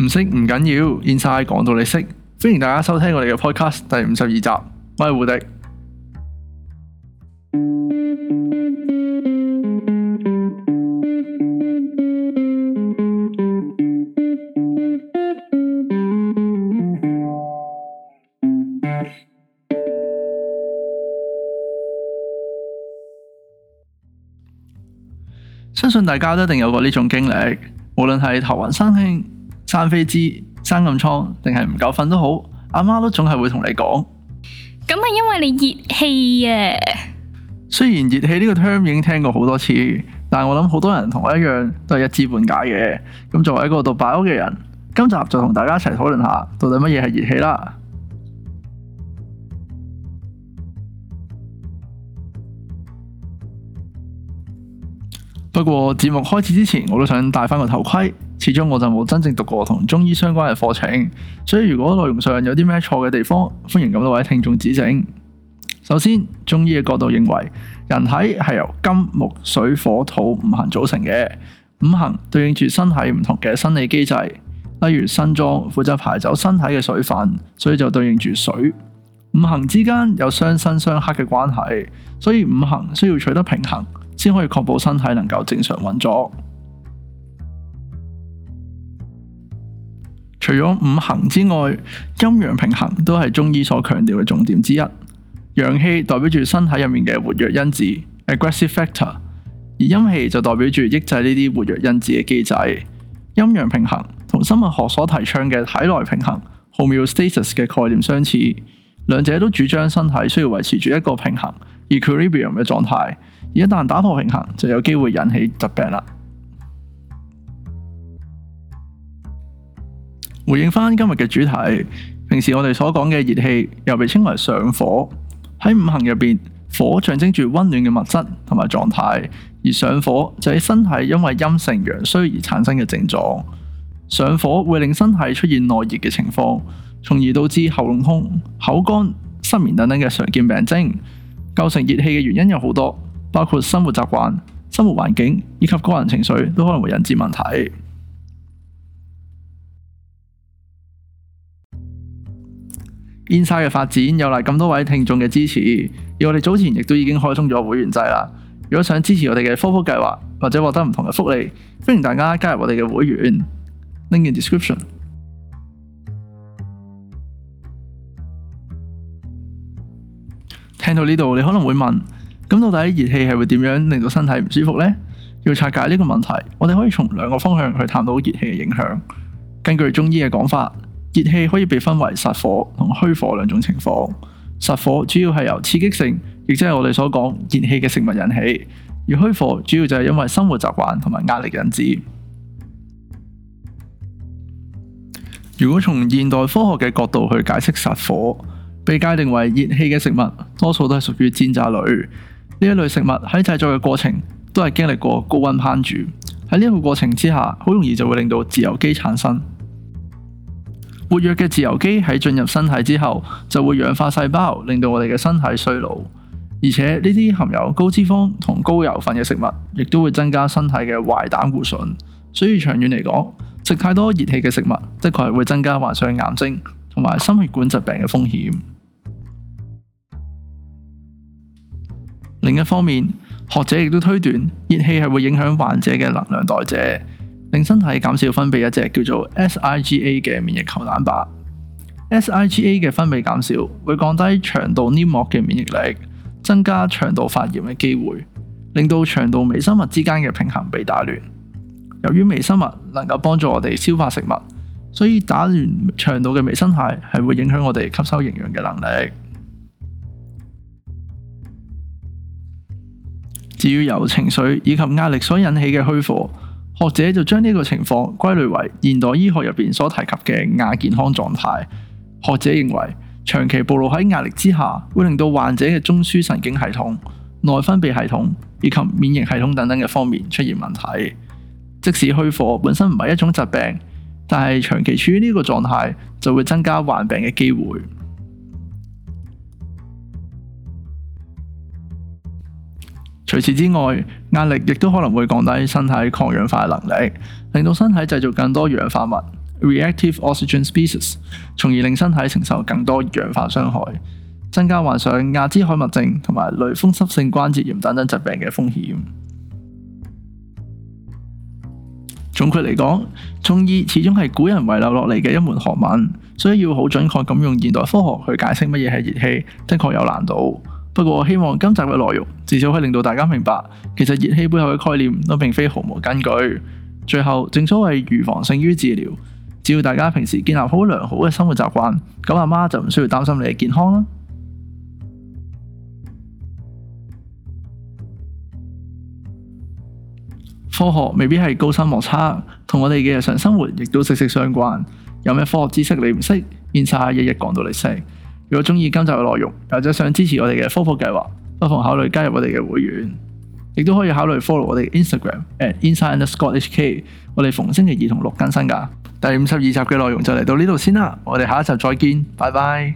唔識唔緊要，而家講到你識。歡迎大家收聽我哋嘅 podcast 第五十二集，我係胡迪。相信大家都一定有過呢種經歷，無論係頭暈身㷫。生痱滋、生暗瘡，定係唔夠瞓都好，阿媽都總係會同你講。咁係因為你熱氣啊！雖然熱氣呢個 term 已經聽過好多次，但我諗好多人同我一樣都係一知半解嘅。咁作為一個讀百屋嘅人，今集就同大家一齊討論下到底乜嘢係熱氣啦。 不過節目開始之前，我都想戴翻個頭盔。始終我就冇真正讀過同中醫相關嘅課程，所以如果內容上有啲咩錯嘅地方，歡迎咁多位聽眾指正。首先，中醫嘅角度認為，人體係由金、木、水、火、土五行組成嘅。五行對應住身體唔同嘅生理機制，例如腎臟負責排走身體嘅水分，所以就對應住水。五行之間有相生相克嘅關係，所以五行需要取得平衡，先可以確保身體能夠正常運作。除咗五行之外，陰陽平衡都係中醫所強調嘅重點之一。陽氣代表住身體入面嘅活躍因子 （aggressive factor），而陰氣就代表住抑制呢啲活躍因子嘅機制。陰陽平衡同生物學所提倡嘅體內平衡 h o m e s t a s i s 嘅概念相似，兩者都主張身體需要維持住一個平衡而 （equilibrium） 嘅狀態，而一旦打破平衡，就有機會引起疾病啦。回應翻今日嘅主題，平時我哋所講嘅熱氣，又被稱為上火。喺五行入邊，火象徵住溫暖嘅物質同埋狀態，而上火就係身體因為陰盛陽衰而產生嘅症狀。上火會令身體出現內熱嘅情況，從而導致喉嚨痛、口乾、失眠等等嘅常見病徵。構成熱氣嘅原因有好多，包括生活習慣、生活環境以及個人情緒，都可能會引致問題。i n 嘅發展有賴咁多位聽眾嘅支持，而我哋早前亦都已經開通咗會員制啦。如果想支持我哋嘅科普計劃，或者獲得唔同嘅福利，歡迎大家加入我哋嘅會員。l 聽到呢度，你可能會問：咁到底熱氣係會點樣令到身體唔舒服呢？」要拆解呢個問題，我哋可以從兩個方向去探討熱氣嘅影響。根據中醫嘅講法，熱氣可以被分為實火同虛火兩種情況。實火主要係由刺激性，亦即係我哋所講熱氣嘅食物引起；而虛火主要就係因為生活習慣同埋壓力引致。如果從現代科學嘅角度去解釋實火，被界定為熱氣嘅食物，多數都係屬於煎炸類。呢一類食物喺製作嘅過程都係經歷過高溫烹煮。喺呢個過程之下，好容易就會令到自由基產生。活躍嘅自由基喺進入身體之後，就會氧化細胞，令到我哋嘅身體衰老。而且呢啲含有高脂肪同高油份嘅食物，亦都會增加身體嘅壞膽固醇。所以長遠嚟講，食太多熱氣嘅食物，的確係會增加患上癌症同埋心血管疾病嘅風險。另一方面，學者亦都推斷，熱氣係會影響患者嘅能量代謝。令身體減少分泌一隻叫做 S I G A 嘅免疫球蛋白，S I G A 嘅分泌減少會降低腸道黏膜嘅免疫力，增加腸道發炎嘅機會，令到腸道微生物之間嘅平衡被打亂。由於微生物能夠幫助我哋消化食物，所以打亂腸道嘅微生態係會影響我哋吸收營養嘅能力。至於由情緒以及壓力所引起嘅虛火。學者就將呢個情況歸類為現代醫學入邊所提及嘅亞健康狀態。學者認為，長期暴露喺壓力之下，會令到患者嘅中樞神經系統、內分泌系統以及免疫系統等等嘅方面出現問題。即使虛火本身唔係一種疾病，但係長期處於呢個狀態，就會增加患病嘅機會。除此之外，壓力亦都可能會降低身體抗氧化能力，令到身體製造更多氧化物 （reactive oxygen species），從而令身體承受更多氧化傷害，增加患上阿茲海默症同埋類風濕性關節炎等等疾病嘅風險。總括嚟講，中醫始終係古人遺留落嚟嘅一門學問，所以要好準確咁用現代科學去解釋乜嘢係熱氣，的確有難度。不過我希望今集嘅內容至少可以令到大家明白，其實熱氣背後嘅概念都並非毫無根據。最後，正所謂預防勝於治療，只要大家平時建立好良好嘅生活習慣，咁阿媽就唔需要擔心你嘅健康啦。科學未必係高深莫測，同我哋嘅日常生活亦都息息相關。有咩科學知識你唔識，先生日日講到你識。如果鍾意今集嘅內容，或者想支持我哋嘅《科普計劃》，不妨考慮加入我哋嘅會員，亦都可以考慮 follow 我哋 Instagram at Inside Scotland HK。我哋逢星期二同六更新㗎，第五十二集嘅內容就嚟到呢度先啦，我哋下一集再見，拜拜。